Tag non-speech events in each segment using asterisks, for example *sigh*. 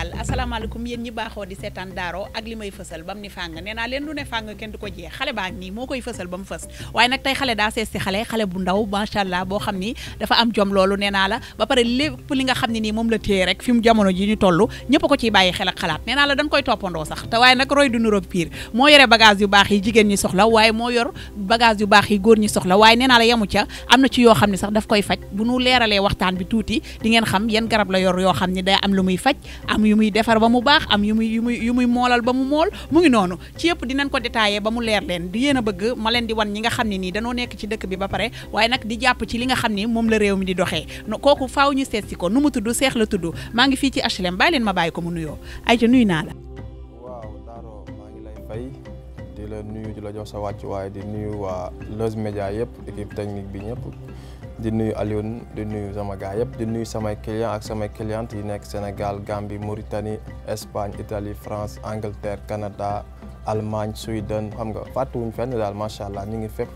Sénégal asalaamaaleykum yéen ñi baaxoo di seetaan daaro ak li may fësal ba ni fàng nee naa leen lu ne fàng kenn du ko jeex xale baa nii moo koy fësal ba mu fës waaye nag tey xale daa sees si xale bu ndaw macha allah boo xam ni dafa am jom loolu nee la ba pare lépp li nga xam ne nii moom la téye rek fi mu jamono ji ñu toll ñëpp ko ciy bàyyi xel ak xalaat nee naa la koy toppandoo sax te waaye nag roy du nuroo piir moo yore baax yi jigéen ñi soxla waaye moo yor bagage yu baax yi góor ñi soxla waaye nee naa la yemu ca am na ci yoo xam ne sax daf koy faj bu nu leeralee waxtaan bi tuuti di ngeen xam yan garab la yor yoo xam ne day am lu muy faj am yu muy defar ba mu baax am yu muy yu muy yu muy moolal ba mu mool mu ngi noonu ci yëpp dinañ ko détaillé ba mu leer leen di yéen a bëgg ma leen di wan ñi nga xam ne nii danoo nekk ci dëkk bi ba pare waaye nag di jàpp ci li nga xam ni moom la réew mi di doxee kooku faaw ñu seet si ko nu mu tudd seex la tudd maa ngi fii ci HLM bàyyi leen ma bàyyi ko mu nuyoo ayca nuyu naa la waaw Daro maa ngi lay fay di la nuyu di la jox sa wàcc waaye di nuyu waa Leuz Média yëpp équipe bi di nuyu Alioune di nuyu sama gaay yëpp di nuyu samay clients ak samay clientes yi nekk Sénégal Gambie Mauritanie Espagne Italie France Angleterre Canada Allemagne Sweden xam nga fàttuwuñ fenn daal macha allah ñu ngi fépp.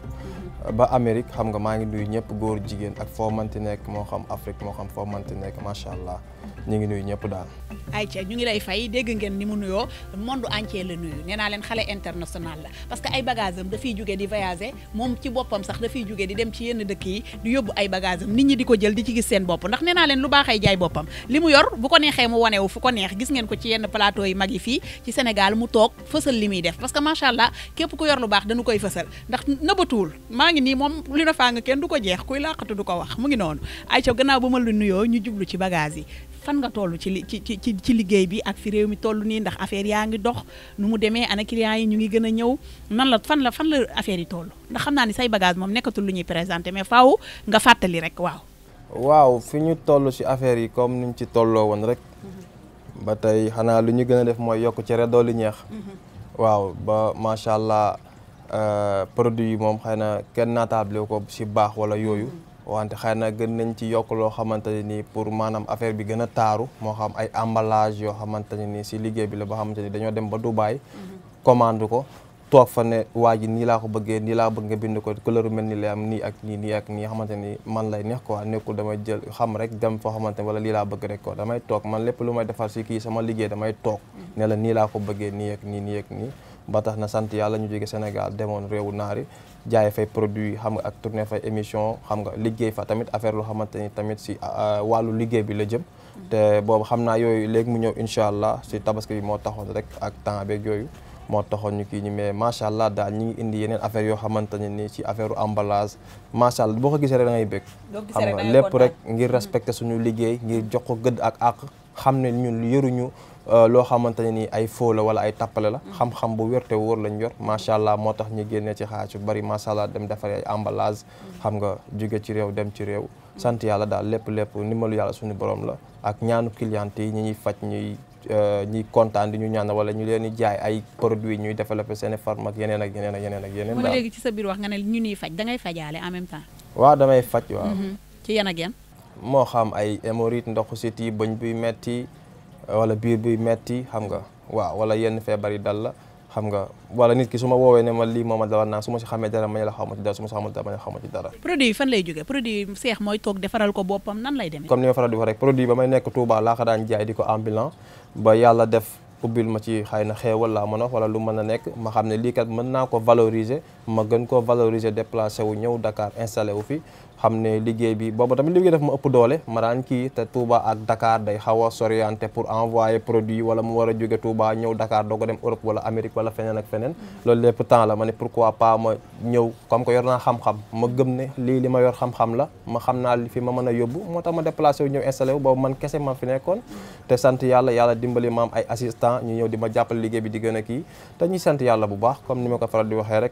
ba Amérique xam nga maa ngi nuyu ñëpp góor jigéen ak foo manti nekk moo xam Afrique moo xam foo manti nekk macha allah ñu ngi nuyu ñëpp daal. ayca ñu ngi lay fay dégg ngeen ni mu nuyoo monde entier la nuyu nee leen xale international la parce que ay bagages am dafiy jóge di voyager moom ci boppam sax dafay jóge di dem ci yenn dëkk yi di yóbbu ay bagages am nit ñi di ko jël di ci gis seen bopp ndax nee naa leen lu baaxay jaay boppam li mu yor bu ko neexee mu wane gis ngeen ko ci yenn plateau yi mag yi fii ci Sénégal mu toog fësal li muy def parce que macha allah képp ku yor lu baax dañu koy fësal ndax nëbatuwul maa ngi nii moom li na faa nga kenn du ko jeex kuy làqatu du ko wax mu ngi noonu Aïcha gannaaw ba ma la nuyoo ñu jublu ci bagage yi fan nga toll ci ci ci liggéey bi ak fi réew mi toll nii ndax affaire yaa ngi dox nu mu demee ana clients yi ñu ngi gën a ñëw nan la fan la fan la affaire yi toll ndax xam naa ni say bagage moom nekkatul lu ñuy présenté mais faaw nga fàttali rek waaw. waaw fi ñu toll ci affaire yi comme ni ci tolloo woon rek. ba tey xanaa lu ñu gën a def mooy yokk cere dooli ñeex. Mhm. waaw Euh, produit yi moom xëy na kenn naataable ko si baax wala yooyu wante xëy naa gën nañ ci yokk loo xamante ne nii pour maanaam affaire bi gën a taaru moo xam ay emballage yoo xamante ne nii si liggéey bi la boo xamante ni dañoo dem ba Dubaay mhm. commande ko toog fa waa ji nii laa ko bëggee nii laa bëgg nga bind ko couleur mel ni lay am nii ak nii nii ak nii xamante ni man lay neex quoi nekkul damay jël xam rek dem foo xamante ni lii laa bëgg rek quoi damay toog man lépp lu may defar si kii sama liggéey damay toog mhm. ne la nii laa ko bëggee nii ak nii nii ak nii ba tax na sant yàlla ñu jóge Sénégal demoon réewu naari jaaye fay produit xam nga ak tourné fay émission xam nga liggéey fa tamit affaire loo xamante ni tamit si ah, ah, wàllu liggéey bi la jëm te boobu xam naa yooyu léegi mu ñëw incha allah si tabaski bi moo taxoon rek ak temps beeg yooyu moo taxoon ñu kii ñi mais macha allah daal ñu indi yeneen affaire yoo xamante ne nii si affaire emballage macha allah boo ko gisee rek da ngay bëgg xam lépp rek ngir mm-hmm. respecté suñu liggéey ngir jox ko gëdd ak àq xam ne ñu yëruñu Euh, loo xamante ne nii ay faux la wala ay tappale la mm. xam-xam bu wérte wóor lañ yor macha allah moo tax ñu génnee ci xaalis bu bari macha allah dem defaree ay mm. xam nga jóge ci réew dem ci réew sant yàlla daal lépp lépp ndimbalu yàlla suñu borom la ak ñaanu client yi ñu ñuy faj ñuy euh, ñuy kontaan di ñu ñaan wala ñu leen di jaay ay produits ñuy développé seen i farm ak yeneen ak yeneen ak yeneen ak yeneen. daal léegi ci sa biir wax nga ne ñu ñuy faj da ngay fajaale en même temps. waaw mm-hmm. moo xam ay hémorroïdes ndoxu siti bëñ buy metti wala biir bi metti xam nga waaw wala yenn feebar yi dal la xam nga wala nit ki su ma woowee ne ma lii moom a dawal naa su ma si xamee dara ma ne la xaw ma ci dara su ma xamul ma ne la xaw ma ci dara. produit yi fan lay jógee produit ko boppam nan lay demee. comme ni ma faral di wax rek produit ba may nekk Touba laa ko daan jaay di ko ambulant ba yàlla def ubbil ma ci xëy na xeewal laa mën a wala lu mën a nekk ma xam ne lii kat mën naa ko valoriser ma gën koo valoriser déplacé wu ñëw dakaar installé wu fi. xam ne liggéey bi boobu tamit liggéey dafa ma ëpp doole ma daan kii te Touba ak Dakar day xaw a soriante pour envoyer produit wala mu war a jóge Touba ñëw Dakar doo ko dem Europe wala Amérique wala feneen ak feneen loolu lépp temps la ma ne pourquoi pas ma ñëw comme que yor naa xam-xam ma gëm ne lii li ma yor xam-xam la ma xam naa fi ma mën a yóbbu moo tax ma déplacé ñëw installé boobu man kese ma fi nekkoon te sant yàlla yàlla dimbali ma bi a kii te ñuy ni ma ko faral di waxee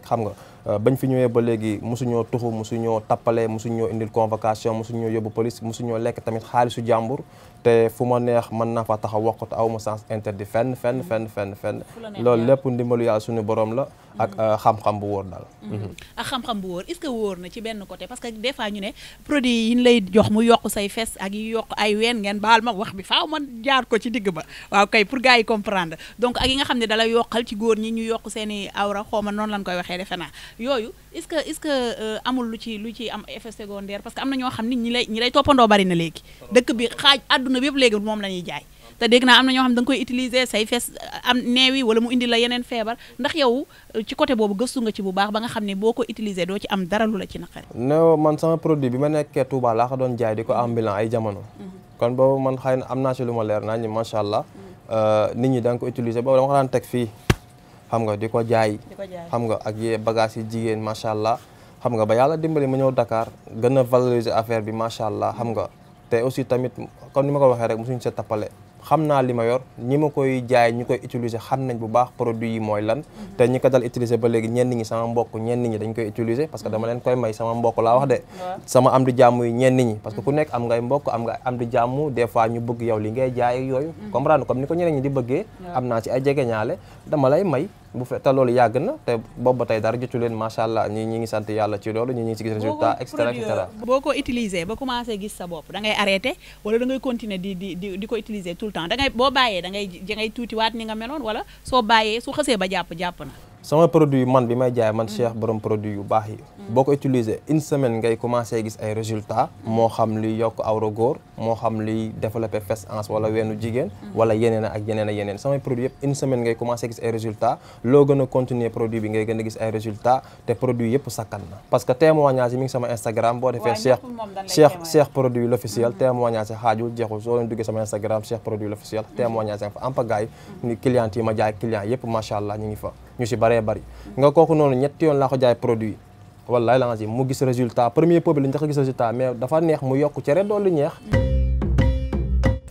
ñoo indil convocation mosu ñoo yóbbu police mosu ñoo lekk tamit xaalisu jàmbur te fu ma neex mën naa fa taxaw wax ko te aw ma sens interdit fenn fenn fenn fenn fenn loolu lépp ndimbalu yàlla suñu boroom la ak euh, xam-xam bu wóor daal. Mm-hmm. Mm-hmm. ak xam-xam bu wóor est-ce na ci benn côté parce que des fois ñu ne produit yi ñu lay jox mu yokk say fes ak yi yokk ay ween ngeen baal ma wax bi faaw man jaar ko ci digg ba waaw kay pour gars yi comprendre donc ak yi nga xam ne dalay yokkal ci góor ñi ñu yokk seen i awra xaw ma noonu lañ koy waxee defe naa yooyu est-ce que est-ce que euh, amul lu ci lu ci am effet secondaire parce que am na ñoo xam ni ñi lay toppandoo bari na léegi dëkk bi xaaj àdduna bi yëpp la ñuy jaay te dégg naa am na ñoo xam da nga koy utiliser say fees uh, am neewi wala mu indi la yeneen feebar ndax yow uh, ci côté boobu gëstu nga ci bu baax ba nga xam ne boo ko utiliser doo ci am dara lu la ci naqari. non man sama produit bi ma nekkee Touba laa ko doon jaay di ko ambulant ay jamono. Mm-hmm. kon boobu man xëy na am naa ci lu ma leer naa macha allah. Mm-hmm. Uh, nit ñi da nga ko utiliser boobu teg fii xam nga di ko jaay. xam nga ak yee bagage yi jigéen macha allah. xam nga ba yàlla dimbali ma ñëw Dakar gën a valoriser affaire bi macha allah xam nga te aussi tamit kon ni ma ko waxee rek mosuñu see tappale xam naa li ma yor ñi ma koy jaay ñi koy utiliser xam nañ bu baax produit yi mooy lan mhm. te ñi ko dal utiliser ba léegi ñenn ñi sama mbokk ñenn ñi dañ koy utiliser parce que dama leen koy may sama mbokk laa wax de sama am di jàmm yi ñenn ñi parce que ku mhm. nekk am ngay mbokk am nga am di jàmm des fois ñu bëgg yow li ngay jaay yooyu mhm. comprendre comme ni ko ñeneen ñi di bëggee am naa si ay jege jegeñaale dama lay may bu fe te loolu yàgg na te boobu ba tey dara jotu leen macha allah ñi ñi ngi sant yàlla ci loolu ñi ngi si gis résultat et cetera boo ko utiliser ba commencé gis sa bopp da ngay arrêté wala da ngay continuer di di di di ko utiliser tout le temps da boo bàyyee dangay ngay da ngay tuuti waat ni nga meloon wala soo bàyyee su xësee ba jàpp jàpp na sama produit man bi may jaay man Cheikh borom produit yu baax yi. Mm. boo ko utiliser une semaine ngay commencé gis ay résultats. moo xam luy yokk awra góor moo xam luy développer fesse anse wala weenu jigéen. Mm. wala yeneen ak yeneen ak yeneen samay produit yëpp une semaine ngay commencé gis ay résultats loo gën a continuer produit bi ngay gën a gis ay résultats te produit yëpp sakkan na. parce que témoignage yi mi ngi sama Instagram boo defee. Cheikh Cheikh Cheikh produit l'officiel mm-hmm. témoignage yi xaajul jeexul soo leen duggee sama Instagram Cheikh produit l'officiel mm-hmm. témoignage yi nga ñu ngi fa. ñu si bëree bari nga kooku noonu ñetti yoon laa ko jaay produit wallaay la nga si mu gis résultat premier peuple lañ tax a gis résultat mais dafa neex mu yokk cere doolu ñeex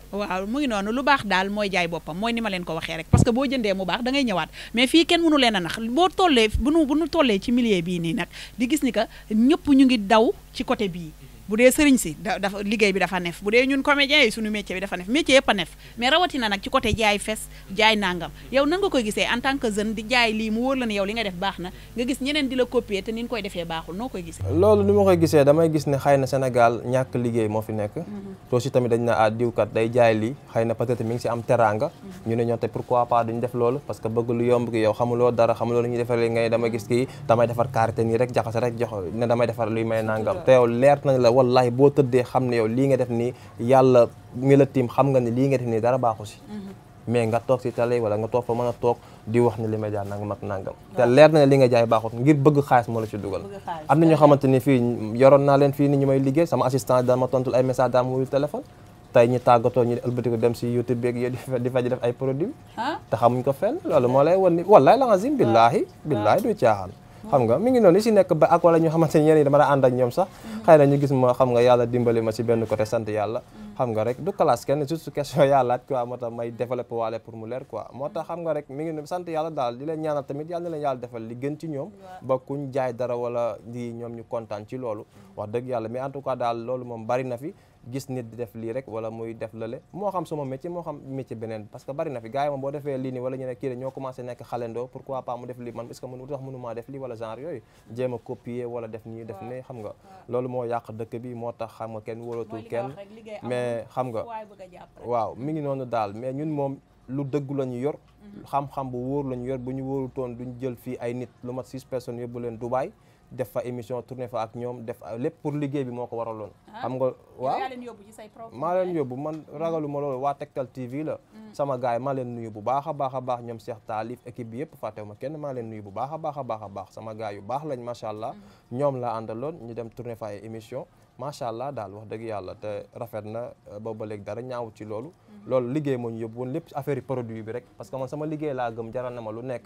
waaw mu ngi noonu lu baax daal mooy jaay mooy ni ma leen waxee rek parce que boo jëndee mu baax da ngay ñëwaat mais fii kenn mënu leen nax boo tollee bu nu bu nu tollee ci milieu bii nii nag di gis ni que ñëpp ñu ngi daw ci côté bii bu dee sëriñ si da dafa liggéey bi dafa nef bu dee ñun comédiens yi suñu métier bi dafa nef métier yëpp a nef mais rawatina nag ci côté jaay fes jaay nangam yow en tant que jeune di jaay lii mu wóor la nga def baax na nga gis ñeneen la copier te ni ñu koy defee baaxul noo koy gisee ma koy gisee damay gis ne xëy na Sénégal ñàkk liggéey moo fi nekk mm-hmm. te aussi tamit dañ na ah day jaay lii xëy na peut-être am teranga mm-hmm. ñu ne ñoo te pourquoi pas parce que bëgg yomb gi yow xamuloo dara xamuloo lu ñuy defar li ngay damay gis kii damay defar karité nii rek jaxase rek jox ne damay defar luy may nangam te yow leer nañ la wallahi boo tëddee xam ne yow lii nga def ni yàlla mi la tiim xam nga ni lii nga def nii dara baaxu si mhm. mais nga toog si télé wala nga toog fa mën a toog di wax ni li may jaay nangam ak nangam te na ne li nga jaay baaxut ngir bëgg xaalis moo la ci dugal am na ñoo xamante ni fii yoroon naa leen fii ni ñu may liggéey sama assistant daan ma tontul ay message daan ma wuyu téléphone tey ñu tàggatoo ñu dem si youtube beeg yo di fa di def ay produit te xamuñ ko fenn loolu moo lay wan ni wallahi la azim billaahi billaahi du caaxaan xam nga mi ngi noonu si nekk ba ak wala ñu xamante ni ñenn yi ak ñoom sax mm-hmm. xëy na ñu gis ma xam nga yàlla dimbali ma si benn côté sant yàlla mm-hmm. xam nga rek du classe kenn juste question yaa laaj moo tax may développé waale pour mu leer quoi moo tax xam nga rek mi ngi sant yàlla daal di leen ñaanal tamit yàlla na leen yàlla defal li gën ci ñoom ba kuñ jaay dara wala lii ñoom ñu kontaan ci loolu mm. wax dëgg yàlla mais en tout cas daal loolu moom bari fi gis nit di def lii rek wala muy def lale moo xam sama métier moo xam métier beneen parce que bari fi gars yi moom boo xam nga waaw mi ngi noonu daal mais ñun moom lu dëgg la ñu yor mhm. xam-xam bu wóor la yor bu ñu wóoru toon duñ jël fii ay nit lu mat six personnes yóbbu leen Dubaay def fa émission tourné fa ak ñoom def lépp pour liggéey bi moo ko waral waraloon ah. xam nga waaw maa leen yóbbu man mhm. ragalu ma loolu waa Tektal TV la mhm. sama gars yi maa leen nuyu bu baax a baax a baax ñoom Cheikh Taalif équipe bi yëpp fàttewu ma kenn maa leen nuyu bu baax a baax a baax a baax sama gars yu baax lañ macha allah ñoom laa àndaloon ñu dem tourné fa émission macha allah daal wax dëgg yàlla te rafet na euh, booba léegi dara ñaaw ci loolu loolu liggéey moo ñu yóbbu woon lépp affaire produit bi rek parce que man sama liggéey laa gëm jaral na ma lu nekk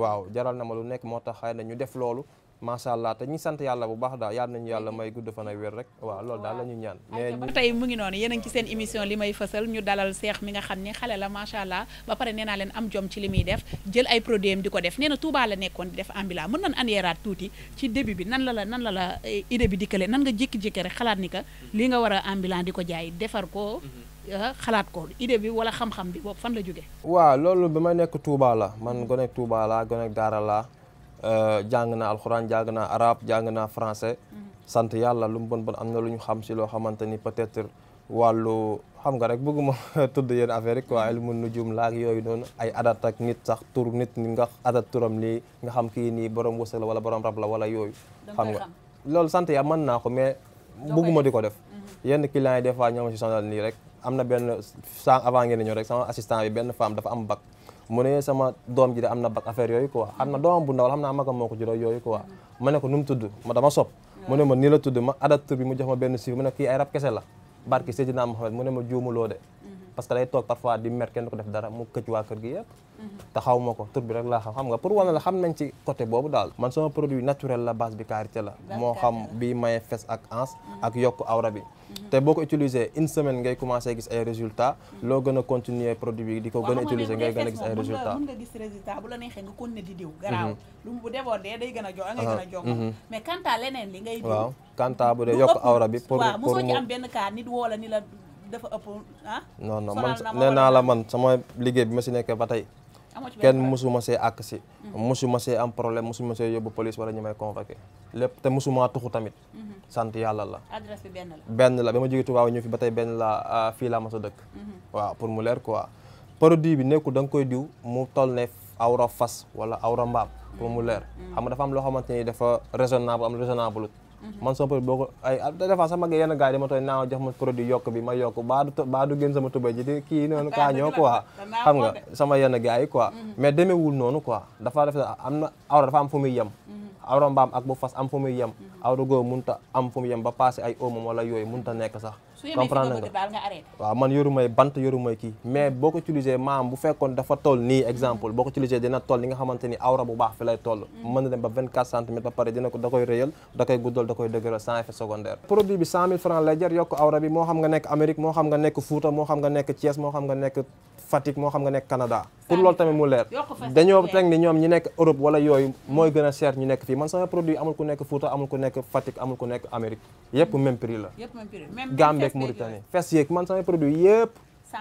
waaw jaral na ma lu nekk moo tax xëy na ñu def loolu macha allah te ñi sant yàlla bu baax daal yal yàlla may gudd fan ak wér rek waaw loolu daal la ñu ñaan mais ba tey mu ngi noonu yéen a ngi ci seen émission li may fësal ñu dalal seex mi nga xam ne xale la macha allah ba pare nee naa leen am jom ci li muy def jël ay produit di ko def nee na Touba la nekkoon di def ambila mën nan anyeeraat tuuti ci début bi nan la la nan la la eh, idée bi dikkale nan nga jékki-jékki rek xalaat ni ka li nga war a ambila di ko jaay defar ko eh, xalaat ko idée bi wala xam bi boobu fan la jógee waaw loolu bi ma nekk Touba la man gonek Touba la gonek daara la Euh, jàng naa alxuraan jàng naa arabe jàng naa français. Mm-hmm. sant yàlla lu mu bon bon am na lu ñu xam si loo xamante ni peut-être wàllu xam nga rek bëgguma *laughs* tudd yéen affaire yi quoi ilmu nujum laak yooyu noonu ay adat ak nit sax tur nit ni nga adat turam lii nga xam kii nii borom wësëg la wala borom rab la wala yooyu. xam nga loolu sant yàlla man naa ko mais. bëgguma di ko def. Mm-hmm. yenn clients yi des fois ñoo ma si sonal nii rek am na benn sans avant ngeen ñëw rek sama assistant bi benn femme dafa am bac. mu ne sama doom ji de am na bak affaire yooyu quoi am na doomam bu ndaw la xam ma magam moo ko juróom yooyu quoi ma ne ko nu mu tudd ma dama sob mu ne ma nii la tudd ma adapteur bi mu jox ma benn chiffre mu ne kii ay rab kese la barki Seydina Mohamed mu ne ma juumuloo de parce que day toog parfois di mer kenn ko def dara mu këcc waa kër gi yëpp te xaw ma ko tur bi rek laa xam xam nga pour wane la xam nañ ci côté boobu daal man sama produit naturel la base bi karité la moo xam bi maye fes ak ans ak yokk awra bi te boo ko utiliser une semaine ngay commencé gis ay résultats loo gën a continuer produit bi di ko gën a utiliser ngay gën a gis ay résultats mën nga gis résultat bu la neexee nga continuer di diw a jox mais kanta leneen li ngay diw kanta dafa ëpp ah. non non man nee naa la man sama liggéey bi ma si nekkee ba tey. kenn musuma see àkk si. Mhm. musuma see am problème musuma see yóbbu police wala ñu may convoqué. lépp te musuma tuxu tamit. Mhm. sant yàlla la. benn la. ba ma jógee Tuubaa ñëw fi ba tey benn la ah, fii laa ma sa dëkk. Mhm. waaw pour mu leer quoi. produit bi nekkul da nga koy diw mu toll ne awra fas wala awra mbaam pour mu leer. xam nga dafa am loo xamante ni dafa raisonnable am raisonnable. Mm-hmm. man sama produit boo ko ay ah, des fois sama yenn gars yi dama tooy naaw jox ma produit yokk bi ma yokk baa du baa du gën sama tubay ji di kii noonu *laughs* kaa ñoo quoi xam nga sama yenn gars yi quoi mm-hmm. mais demeewul noonu quoi dafa def am na awra dafa am fu muy yem mm-hmm. awra mbaam ak bu fas am fu muy yem awra googu mënut a am fu mu yem ba passé ay oomam wala yooyu mënut a nekk sax comprendre nga waaw man yoru bant yoru kii mais boo ko utiliser maam bu fekkoon dafa toll nii exemple boo ko utiliser dina toll li nga xamante awra bu baax fi lay toll mm. mën na dem ba 24 centimètres ba pare dina ko da koy réyal da koy guddal da koy dëgëral sans effet secondaire produit bi 100000 francs lay jar yokk awra bi moo xam nga nekk Amérique moo xam nga nekk Fuuta moo xam nga nekk Thiès moo xam Fatick moo xam nga nekk Canada pour loolu tamit mu leer dañoo teg ñoom ñi nekk Europe wala yooyu mooy gën a cher ñu nekk fii man sama produit amul ku nekk Fouta amul ku nekk Fatick amul ku nekk Amérique yëpp même prix la Gambie ak Mauritanie fes yeeg man sama produit yëpp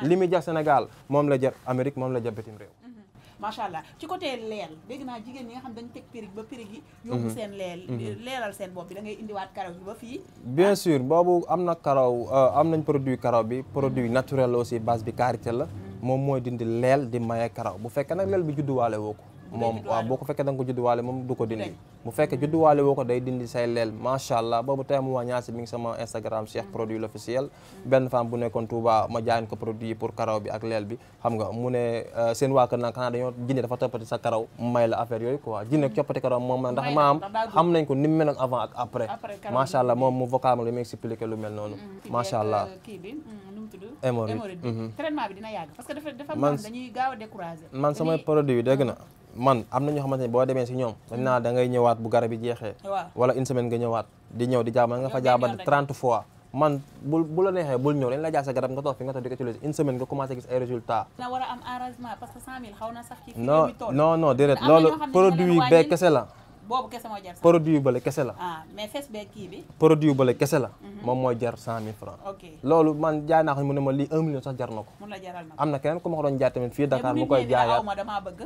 li muy jar Sénégal moom la jar Amérique moom la jar bitim réew mhm. macha allah ci côté leel dégg naa jigéen ñi nga xam dañu teg périg ba périg yi mhm. yóbbu seen leel mhm. leelal seen bopp bi indiwaat karaw bi ba fii ah. boobu am na karaw euh, am nañ produit karaw bi produit naturel aussi base bi karité la moom mooy dindi leel di maye karaw bu fekkee nag leel bi judduwaale woo ko moom waaw boo ko fekkee da nga ko judduwaale moom du ko dindi bu fekkee judduwaale woo ko day dindi say leel macha allah boobu tey mu wàññaa si mi ngi sama Instagram Cheikh mm. produit l'officiel benn femme bu nekkoon Touba ma jaayin ko produit pour karaw bi ak leel bi xam nga mu ne euh, seen waa kër nag xanaa dañoo jinne dafa toppati sa karaw may la affaire yooyu quoi jinne coppati karaw moom la ndax maam xam nañ ko ni mu meloon avant ak après macha allah moom mu vocal ma li mu expliqué lu mel noonu mm, macha allah euh, tudd hémorroïde mhm. que dafa dafa man a découragé man samay produit yi dégg na man am na ñoo xamante ni boo demee si ñoom dañ naa da ngay ñëwaat bu garab yi jeexee wala une semaine nga ñëwaat di ñëw di jaabal nga fa jaabal trente fois man bul bu la neexee bul ñëw dañ la jaay garab nga toog fi nga toog di ko utiliser une semaine nga commencé gis ay résultats. na war a am arrangement parce que cent mille xaw na sax ci non non loolu produit beeg kese la boobu kese moo jar produit yu bële kese la. Ah, mais fees bee kii bi. produit yu bële kese la. Mhm. moom mooy jar cent mille francs. loolu man jaay naa ko mu ne ma lii un million sax jar na ko. mun la jaral na am na keneen ku ma ko doon jaay tamit fii Dakar mu koy jaayaat ma damaa bëgg.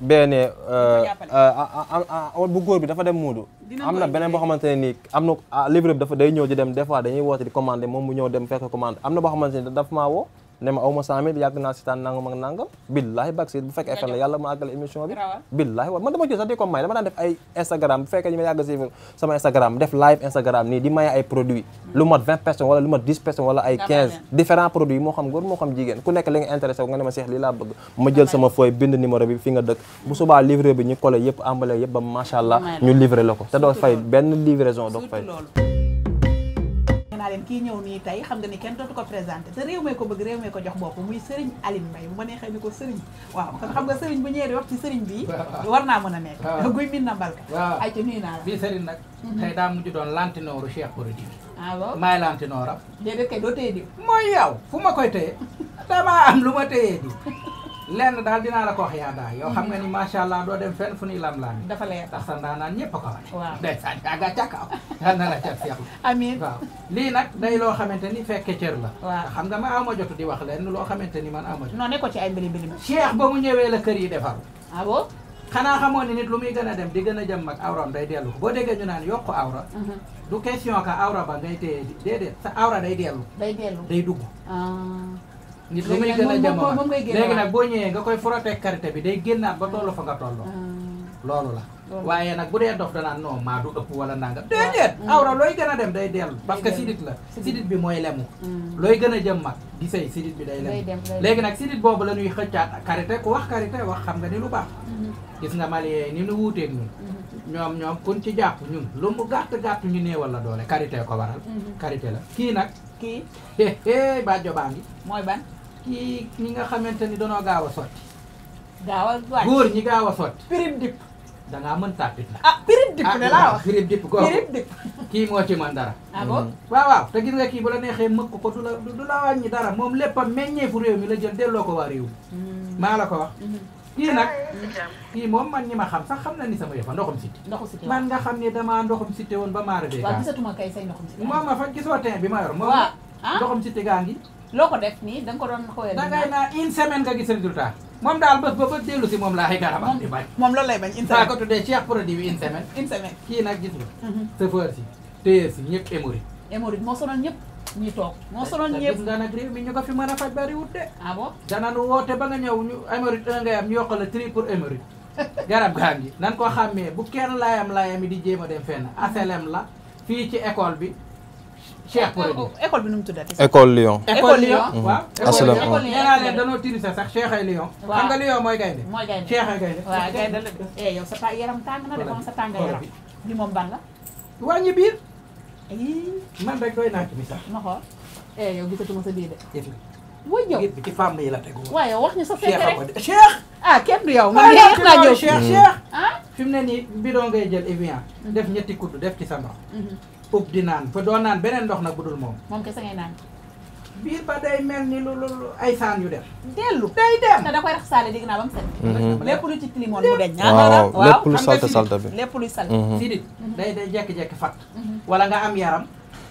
beneen euh, euh, bu góor bi dafa dem muudu am na beneen boo xamante ne nii am na ah, livreur bi dafa day ñëw di dem des dañuy woote di commandé moom mu ñëw dem fekk commandé am na boo xamante ne daf maa woo ne ma aw ma cent mille yàgg naa seetaan nangam ak nangam billaahi bak si bu fekkee fen la yàlla ma àggale émission bi billaahi wa man dama ci sax di ko may dama daan def ay Instagram bu fekkee ñu ma yàgg si sama Instagram def live Instagram nii di maye ay produits hmm. lu mat vingt personnes wala lu mat dix personnes wala ay quinze différents produits moo xam góor moo xam jigéen ku nekk li nga intéressé wu nga ne ma seex lii laa bëgg ma jël sama fooy bind numéro bi fi nga dëkk bu subaa livré bi ñu naa leen kii ñëw nii tey xam nga ni kenn dootu ko présenté te réew mee ko bëgg réew mee ko jox bopp muy Serigne Aline Mbaye bu ma neexee ni ko Serigne waaw kon xam nga Serigne bu ñëwee di ci Serigne bi *laughs* war naa mën a nekk guy min na mbalka ay ci nuyu naa la bii Serigne nag mhm. tey daa mujj doon lantinooru Cheikh Produit a ah, waaw maay lantinooram déedéet kay doo téye diw mooy yow fu ma koy téye *laughs* damaa am lu ma téye diw lenn daal dinaa la ko wax yaa daay yow xam nga ni macha allah doo dem fenn fu ñuy lam-lam dafa leer tax sa ndaanaan ñëpp a ko wane waaw ndeysaan yaaga waaw lii nag day loo xamante ni fekke cër la waaw xam nga ma ama jotu di wax lenn loo xamante ni man ama jotu non ne ci ay mbili mbili cheikh ba mu ñëwee la kër yi defar ah bon xanaa xamoon ni nit lu muy gën a dem di gën a jëm mag awram day dellu boo déggee ñu naan yokku awra mhm. du question que awra ba ngay téye déedéet sa awra day dellu day dellu day dugg ah. nit lu muy gën a jamono léegi nag boo ñëwee nga koy frotter karité bi day génnaat ba tollu fa nga toll ah. loolu la waaye nag bu dee dof danaan non maa du ëpp wala nangam ah. déedéet ah. awra looy gën a dem day dellu parce que sidit la sidit bi mooy lemu looy gën a jëm mag di sëy bi day lemu léegi nag sidit boobu la ñuy xëccaat karité ku wax karité wax xam nga ni lu baax mm-hmm. gis nga maliyee ni nu wuuteeg ñun mm-hmm. ñoom ñoom kun ci jàpp ñun lu mu gàtt gàtt ñu néewal la doole karité ko waral mm-hmm. karité la kii nag kii bàjjo baa ngi ki ñi nga xamante ni danoo gaaw a sotti. gaaw a waay ñi gaaw a sotti. pirip dip. da ngaa mën tàppit la. ah pirip dip de ah, laa wax pirip dip kooku kii moo ci man dara. ah bon mm. waaw waaw te gis nga kii bu la neexee mëkk ko du la du la wàññi dara moom lépp a meññeefu réew mi la jël delloo ko waa réew mi. Mm. maa la ko wax. Mm-hmm. kii nag mm-hmm. kii moom ma ñi ma xam sax xam na ni sama yëfa ndoxum siti ndoxum siti man nga xam ne damaa ndoxum siti woon ba maara dee waaw gisatuma kay say ndoxum siti moom ma fa gisoo teen bi ma yor moom ah? ndoxum siti loo ko def nii da ko doon xoolee. da ngay naa une semaine nga gis résultat moom daal bés ba ba dellu si moom laa ay garabam di bañ. moom loolu lay bañ une semaine saa ko tuddee Cheikh produit bi une semaine. une semaine kii nag gis nga. Mhm. chauffeur si téyeur si ñëpp émori. émori moo sonal ñëpp ñi toog. moo sonal ñëpp gis mi ñu ko fi mën a faj bari wut de. ah bon danañu woote ba nga ñëw ñu émori un ngay am ñu yokkal la tri pour émori *laughs* garab gaa ngi nan ko xàmmee bu kenn laayam laayam yi di jéem a dem fenn aselem la fii ci école bi Cheikh Polo oh, école bi nu mu tuddati école Lyon. école Lyon waaw. asalaamaaleykum école Lyon sax Cheikh ay mooy ay gaynde. waaw gaynde la de eh, yow sa yaram tàng na de moom sa tàng yaram. li moom ban la. wàññi biir. man rek doy naa ci bi sax. ma xool eh yow gisatuma sa biir de. wuy ñëw ci femme yi la tegu. waaye wax ñu sa fekk rek Cheikh ah kenn du yow. man yéex naa ñëw Cheikh mm. Cheikh. ah fi mu ne nii bidon ngay jël Evian. Mm-hmm. def ñetti kudd def ci sa ndox. Mm-hmm. ub di naan fa doo naan beneen ndox nag bu dul moom. moom sa ngay naan. biir ba day mel ni lu lu ay saan yu def. dellu day dem te da koy rax saale dégg naa ba mu set. Mhm. lépp lépp luy salte. Mhm. sidit day day jékki-jékki fat mhm. wala nga am yaram.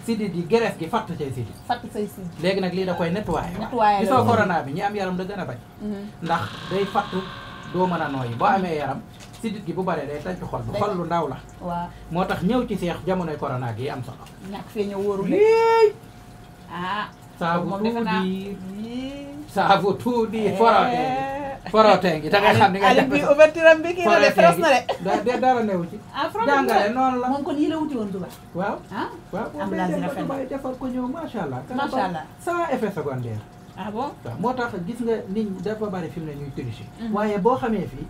sidit yi gereef gi fatt say sidit. fatt say léegi nag lii da koy nettoyé. nettoyé gisoo corona bi ñi am yaram da gën a bañ. ndax day fatt doo mën a nooy boo amee yaram. sidit gi bu baree day tànc xol bu lu ndaw la waaw moo tax ñëw ci seex jamonoy corona gi am solo ñàkk fee ñëw wóoru léegi ah saabu tuudi saabu tuudi eh. forote forote ngi da ngay xam ni nga jàpp bi ouverture am bi kii na de fros na dara newu ci ah, jàngale noonu la moom la wuti woon Touba waaw ah? waaw am la dina fen ko ñëw macha allah macha allah sans effet secondaire ah bon waaw moo tax gis nga nit ñi dafa bari ne ñuy tricher mm. waaye boo xamee fii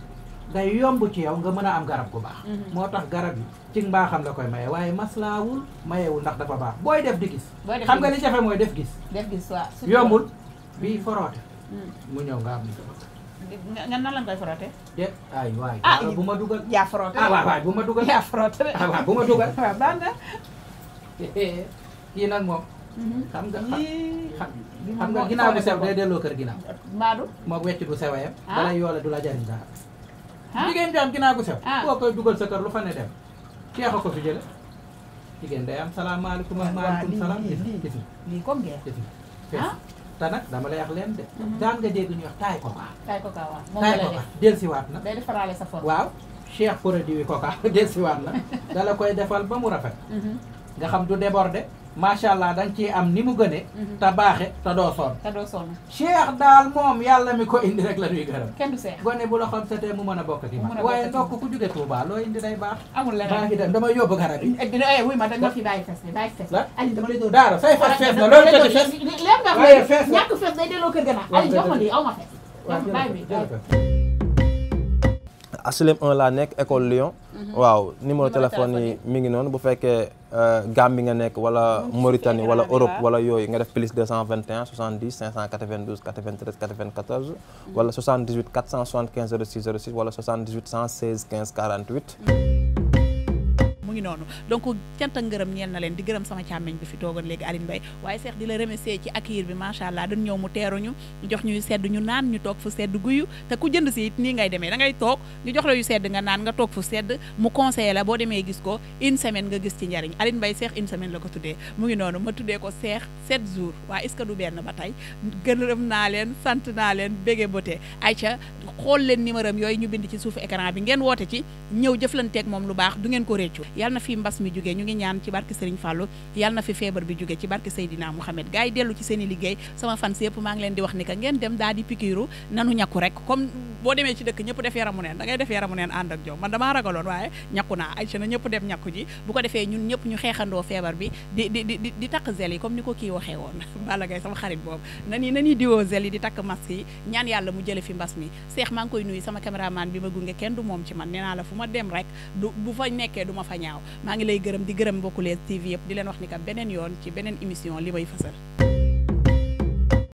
day yomb ci yaw nga mën a am garab gu baax mhm. moo tax garab yi ci mbaaxam la koy maye waaye maslaawul mayewul ndax dafa baax booy def di gis xam nga li jafe mooy def gis def gis waaw yombul mm. bii foroote mm. mu ñëw nga am na nan lañ koy frotté. de ah, bu ma dugal. yaa frotté ah, bu ma dugal. yaa frotté ah waay bu ma dugal. *laughs* waaw baax na. kii nag moom. Mhm. xam nga xam nga ginaaw bu sew day delloo kër ginnaaw. maadu. moo wecc du sewayam. Ah? balay yoola du la jariñ dara. jigéen bi am ginnaaw gu sew boo ah. koy dugal sa kër lu fa ne dem ceex a ko fi jële jigéen day am salaamaaleykum wa maaleykum salaam gis nga gis nga gis te nag dama lay yax leen de mhm. daan nga dégg ñu wax taay koka taay koka waaw moom la def del siwaat na day defaraale sa forme waaw cheikh produit yi koka *laughs* del siwaat na *laughs* da la koy defal ba mu rafet mhm. nga xam du de macha allah da nga ciy am ni mu gënee. te baaxe te doo sonn. te doo sonn Cheikh daal moom yàlla mi ko indi rek la ñuy gërëm. kenn du Cheikh gone bu la xam setee mu mën a bokk ci ma. waaye ndokk ku jóge Touba loo indi day baax. amul leneen maa ngi dem damay yóbbu garab yi. dina wuy ma dañoo fi bàyyi fes ne bàyyi fes. lan Aliou dama lay ñëw daara say fes fes na loolu tëdd fes. lépp nga xam ne ñàkk fes day delloo kër gannaaw Aliou jox ma lii aw ma fes. waaw jërëjëf HLM 1 laa nekk école Lyon. waaw numéro téléphone yi mi ngi noonu bu fekkee Euh, Gambie nga nekk wala mm-hmm. Mauritanie wala Europe wala yooyu nga def plus 221 70 592 93 94 wala 78 475 06 06 wala 78 116 15 48. mu ngi noonu donc cant ak ngërëm na leen di gërëm sama càmmeñ bi fi toogoon léegi Aline Mbaye waaye Cheikh di la remercier ci accueil bi macha allah dañ ñëw mu teeruñu jox ñuy sedd ñu naan ñu toog fu sedd guyu te ku jënd si it nii ngay demee da ngay toog ñu jox la yu sedd nga naan nga toog fu sedd mu conseillé la boo demee gis ko une semaine nga gis ci njariñ Aline Mbaye Cheikh une semaine la ko tuddee mu ngi noonu ma tuddee ko Cheikh sept jours waa est-ce que du benn ba tey gërëm naa leen sant naa leen bége bote ayca xool leen numéro am yooyu ñu bind ci suufu écran bi ngeen woote ci ñëw jëflanteeg moom lu baax du ngeen ko réccu yal na fi mbas mi jóge ñu ngi ñaan ci barke Serigne Fallou yal na fi feebar bi jóge ci barke Seydina Mouhamed gars yi dellu ci seen i liggéey sama fans yëpp maa ngi leen di wax ni ko defee ñun ñëpp ñu xeexandoo feebar bi di di di takk zel yi comme ni ko kii waxee woon *laughs* bala gay sama xarit boobu nani nani diwoo zel yi di takk masque yi ñaan yàlla mu jële fi mbas mi seex maa ngi koy nuyu sama caméraman bi ma gunge kenn du moom ci man nee naa la fu ginnaaw maa ngi lay gërëm di gërëm mbokku Leuz TV yëpp di leen wax ni kat beneen yoon ci beneen émission li may fësal